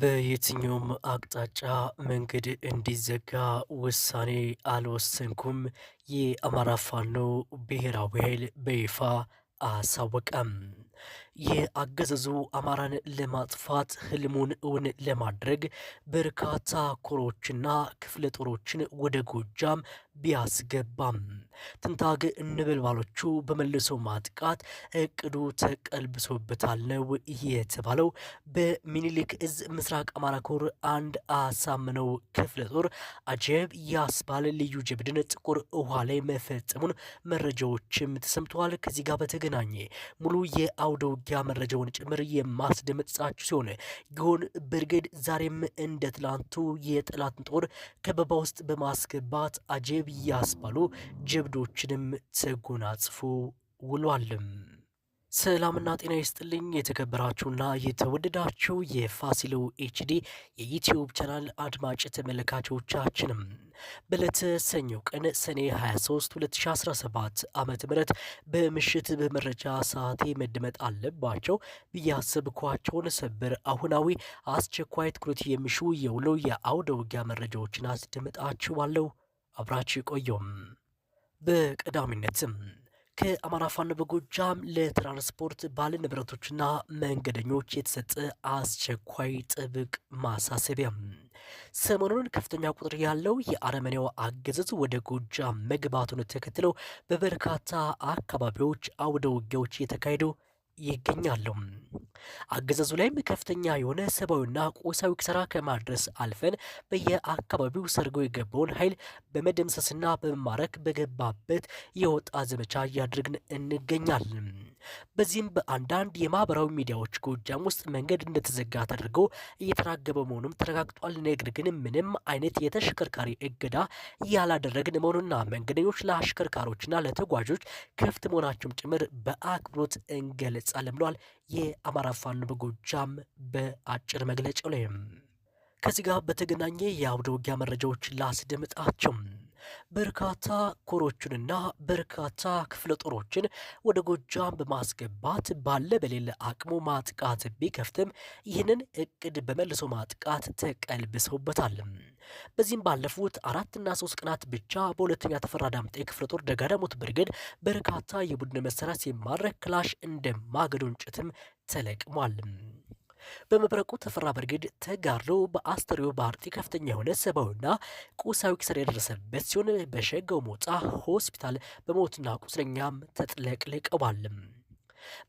በየትኛውም አቅጣጫ መንገድ እንዲዘጋ ውሳኔ አልወሰንኩም፣ የአማራ ፋኖ ብሔራዊ ኃይል በይፋ አሳወቀም። የአገዛዙ አማራን ለማጥፋት ህልሙን እውን ለማድረግ በርካታ ኮሮችና ክፍለ ጦሮችን ወደ ጎጃም ቢያስገባም ትንታግ እንብልባሎቹ በመልሶ ማጥቃት እቅዱ ተቀልብሶበታል ነው የተባለው። በሚኒሊክ እዝ ምስራቅ አማራ ኮር አንድ አሳምነው ክፍለ ጦር አጀብ ያስባል ልዩ ጀብድን ጥቁር ውሃ ላይ መፈጸሙን መረጃዎችም ተሰምተዋል። ከዚህ ጋር በተገናኘ ሙሉ የአውደ ውጊያ መረጃውን ጭምር የማስደመጥሳችሁ ሲሆን ግሆን ብርግድ ዛሬም እንደ ትላንቱ የጠላትን ጦር ከበባ ውስጥ በማስገባት አጀብ ግብ ያስባሉ ጀብዶችንም ተጎናጽፎ ውሏልም። ሰላምና ጤና ይስጥልኝ የተከበራችሁና የተወደዳችሁ የፋሲሎ ኤችዲ የዩትዩብ ቻናል አድማጭ ተመልካቾቻችንም በዕለተ ሰኞ ቀን ሰኔ 23 2017 ዓ ም በምሽት በመረጃ ሰዓቴ መደመጥ አለባቸው ብያስብኳቸውን ሰበር አሁናዊ አስቸኳይ ትኩረት የሚሹ የውሎ የአውደ ውጊያ መረጃዎችን አስደምጣችኋለሁ። አብራች ቆየም። በቀዳሚነትም ከአማራ ፋኖ በጎጃም ለትራንስፖርት ባለ ንብረቶችና መንገደኞች የተሰጠ አስቸኳይ ጥብቅ ማሳሰቢያ። ሰሞኑን ከፍተኛ ቁጥር ያለው የአረመኔው አገዛዝ ወደ ጎጃም መግባቱን ተከትለው በበርካታ አካባቢዎች አውደ ውጊያዎች የተካሄዱ ይገኛሉ። አገዛዙ ላይም ከፍተኛ የሆነ ሰብአዊና ቁሳዊ ክሰራ ከማድረስ አልፈን በየአካባቢው ሰርጎ የገባውን ኃይል በመደምሰስና በመማረክ በገባበት የወጣ ዘመቻ እያደረግን እንገኛለን። በዚህም በአንዳንድ የማህበራዊ ሚዲያዎች ጎጃም ውስጥ መንገድ እንደተዘጋ ተደርገው እየተራገበ መሆኑም ተረጋግጧል። ነገር ግን ምንም አይነት የተሽከርካሪ እገዳ ያላደረግን መሆኑና መንገደኞች ለአሽከርካሪዎችና ለተጓዦች ክፍት መሆናቸውም ጭምር በአክብሮት እንገለጻለን ብሏል የአማራ ፋኖ በጎጃም በአጭር መግለጫው ላይም ከዚህ ጋር በተገናኘ የአውደ ውጊያ መረጃዎች ላስደምጣቸው። በርካታ ኮሮችንና በርካታ ክፍለ ጦሮችን ወደ ጎጃም በማስገባት ባለ በሌለ አቅሙ ማጥቃት ቢከፍትም ይህንን እቅድ በመልሶ ማጥቃት ተቀልብሰውበታል። በዚህም ባለፉት አራትና ሶስት ቀናት ብቻ በሁለተኛ ተፈራ ዳምጤ ክፍለ ጦር ደጋዳሞት ብርግድ በርካታ የቡድን መሳሪያ ሲማረክ ክላሽ እንደ ማገዶ እንጨትም ተለቅሟል። በመብረቁ ተፈራ በርግድ ተጋድሎ በአስተሪዮ ባህርቲ ከፍተኛ የሆነ ሰብአዊና ቁሳዊ ኪሳራ የደረሰበት ሲሆን በሸገው ሞጣ ሆስፒታል በሞትና ቁስለኛም ተጥለቅልቀዋል።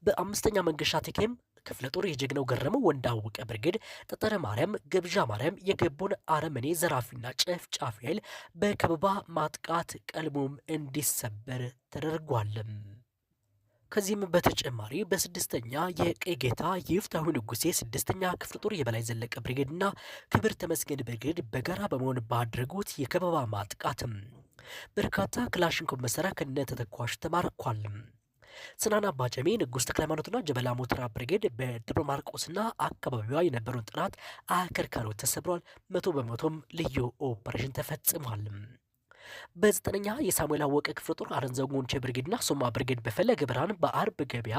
በአምስተኛ መንገሻ ቴኬም ክፍለ ጦር የጀግናው ገረመው ወንዳወቀ ብርግድ ጠጠረ ማርያም፣ ገብዣ ማርያም የገቡን አረመኔ ዘራፊና ጨፍጫፊ ኃይል በከበባ ማጥቃት ቀልሞም እንዲሰበር ተደርጓል። ከዚህም በተጨማሪ በስድስተኛ የቀይ ጌታ ይፍታሁ ንጉሴ ስድስተኛ ክፍለ ጦር የበላይ ዘለቀ ብርጌድና ክብር ተመስገን ብርጌድ በጋራ በመሆን ባደረጉት የከበባ ማጥቃትም በርካታ ክላሽንኮቭ መሳሪያ ከነ ተተኳሽ ተማርኳል። ስናና አባጨሜ ንጉሥ ተክለ ሃይማኖትና ጀበላ ሞተራ ብርጌድ በደብረ ማርቆስና አካባቢዋ የነበረውን ጥናት አከርካሪዎች ተሰብሯል። መቶ በመቶም ልዩ ኦፐሬሽን ተፈጽሟል። በዘጠነኛ የሳሙኤል አወቀ ክፍለ ጦር አረንዘጉንቼ ብርጌድና ሶማ ብርጌድ በፈለገ ብርሃን በአርብ ገበያ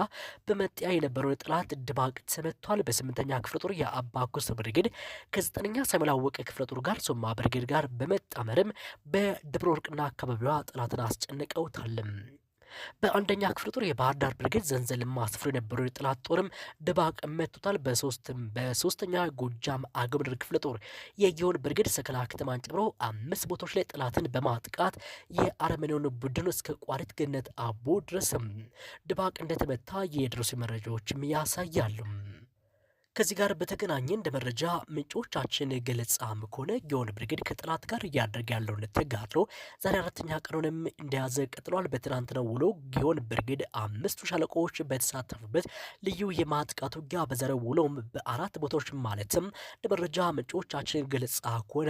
በመጥያ የነበረውን ጠላት ድባቅ ተመቷል። በስምንተኛ ክፍለ ጦር የአባ ብርጌድ ከዘጠነኛ ሳሙኤል አወቀ ክፍለ ጦር ጋር ሶማ ብርጌድ ጋር በመጣመርም በደብረ ወርቅና አካባቢዋ ጠላትን አስጨነቀውታልም። በአንደኛ ክፍለ ጦር የባህር ዳር ብርጌድ ዘንዘል ማስፍሮ የነበረው የጥላት ጦርም ድባቅ በሶስትም በሶስተኛ ጎጃም አገብድር ክፍለ ጦር የጊዮን ብርጌድ ሰከላ ከተማን ጨምሮ አምስት ቦታዎች ላይ ጥላትን በማጥቃት የአረመኔውን ቡድን እስከ ቋሪት ገነት አቦ ድረስም ድባቅ እንደተመታ የደረሱ መረጃዎችም ያሳያሉ። ከዚህ ጋር በተገናኘ እንደ መረጃ ምንጮቻችን ገለጻም ከሆነ ጊዮን ብርጌድ ከጠላት ጋር እያደረገ ያለውን ተጋድሎ ዛሬ አራተኛ ቀኑንም እንደያዘ ቀጥሏል። በትናንትናው ውሎ ጊዮን ብርጌድ አምስቱ ሻለቆዎች በተሳተፉበት ልዩ የማጥቃት ውጊያ በዛሬው ውሎም በአራት ቦታዎች ማለትም እንደ መረጃ ምንጮቻችን ገለጻ ከሆነ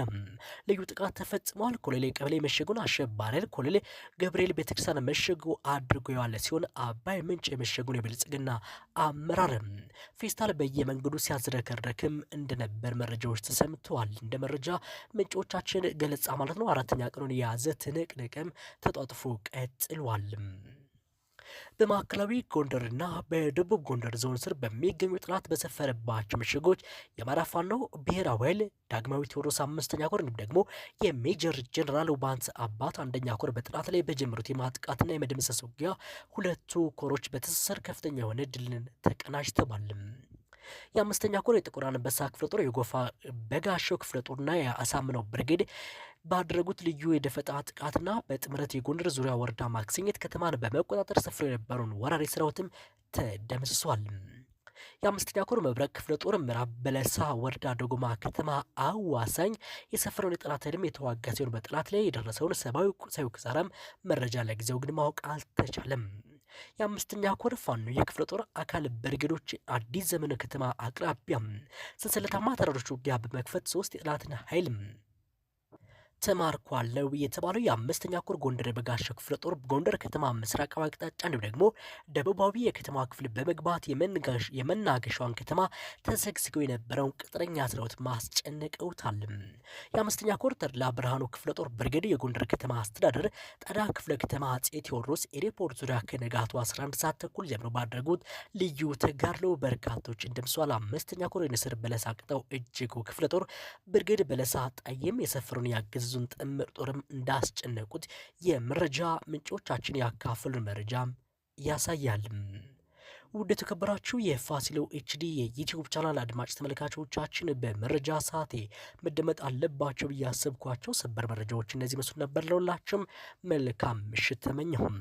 ልዩ ጥቃት ተፈጽሟል። ኮሎኔል ቀበሌ መሸጉን አሸባሪል ኮሎኔል ገብርኤል ቤተክርስቲያን መሸጉ አድርጎ የዋለ ሲሆን አባይ ምንጭ የመሸጉን የብልጽግና አመራርም ፌስታል በየመንገዱ ሲያዝረከረክም እንደነበር መረጃዎች ተሰምተዋል። እንደ መረጃ ምንጮቻችን ገለጻ ማለት ነው። አራተኛ ቀኑን የያዘ ትንቅንቅም ተጧጥፎ ቀጥሏል። በማዕከላዊ ጎንደርና በደቡብ ጎንደር ዞን ስር በሚገኙ ጥናት በሰፈረባቸው ምሽጎች የአማራ ፋኖ ብሔራዊ ኃይል ዳግማዊ ቴዎድሮስ አምስተኛ ኮር እንዲሁም ደግሞ የሜጀር ጀኔራል ውባንተ አባት አንደኛ ኮር በጥናት ላይ በጀመሩት የማጥቃትና የመደምሰስ ውጊያ ሁለቱ ኮሮች በትስስር ከፍተኛ የሆነ ድልን ተቀናጅተዋል። የአምስተኛ ኮር የጥቁር አንበሳ ክፍለ ጦር የጎፋ በጋሻው ክፍለ ጦርና የአሳምነው ብርጌድ ባደረጉት ልዩ የደፈጣ ጥቃትና በጥምረት የጎንደር ዙሪያ ወረዳ ማክሰኘት ከተማን በመቆጣጠር ሰፍሮ የነበረውን ወራሪ ሰራዊትም ተደምስሷል። የአምስተኛ ኮር መብረቅ ክፍለ ጦር ምዕራብ በለሳ ወረዳ ደጎማ ከተማ አዋሳኝ የሰፈረውን የጠላት ኃይልም የተዋጋ ሲሆን በጠላት ላይ የደረሰውን ሰብአዊ ቁሳዊ ኪሳራም መረጃ ለጊዜው ግን ማወቅ አልተቻለም። የአምስተኛ ኮር ፋኖ የክፍለ ጦር አካል ብርጌዶች አዲስ ዘመን ከተማ አቅራቢያ ሰንሰለታማ ተራሮች ውጊያ በመክፈት ሶስት የጠላትን ኃይል ተማርኳለው የተባለው የአምስተኛ ኮር ጎንደር የበጋሻው ክፍለ ጦር ጎንደር ከተማ ምስራቃዊ አቅጣጫ እንዲሁም ደግሞ ደቡባዊ የከተማ ክፍል በመግባት የመናገሻዋን ከተማ ተዘግዝገው የነበረውን ቅጥረኛ ሰራዊት ማስጨነቀውታል። የአምስተኛ ኮር ተድላ ብርሃኑ ክፍለ ጦር ብርጌድ የጎንደር ከተማ አስተዳደር ጠዳ ክፍለ ከተማ አጼ ቴዎድሮስ ኤሪፖርት ዙሪያ ከነጋቱ 11 ሰዓት ተኩል ጀምሮ ባደረጉት ልዩ ተጋድሎ በርካቶች እንደምሷል። አምስተኛ ኮር የንስር በለሳ ቅጠው እጅጉ ክፍለ ጦር ብርጌድ በለሳ ጣይም የሰፈሩን ያግዙ የእዙን ጥምር ጦርም እንዳስጨነቁት የመረጃ ምንጮቻችን ያካፈሉን መረጃ ያሳያልም። ውድ የተከበራችሁ የፋሲሎ ኤችዲ የዩቲዩብ ቻናል አድማጭ ተመልካቾቻችን በመረጃ ሰዓቴ መደመጥ አለባቸው ብዬ ያሰብኳቸው ሰበር መረጃዎች እነዚህ መስሉ ነበር። ለሁላችሁም መልካም ምሽት ተመኘሁም።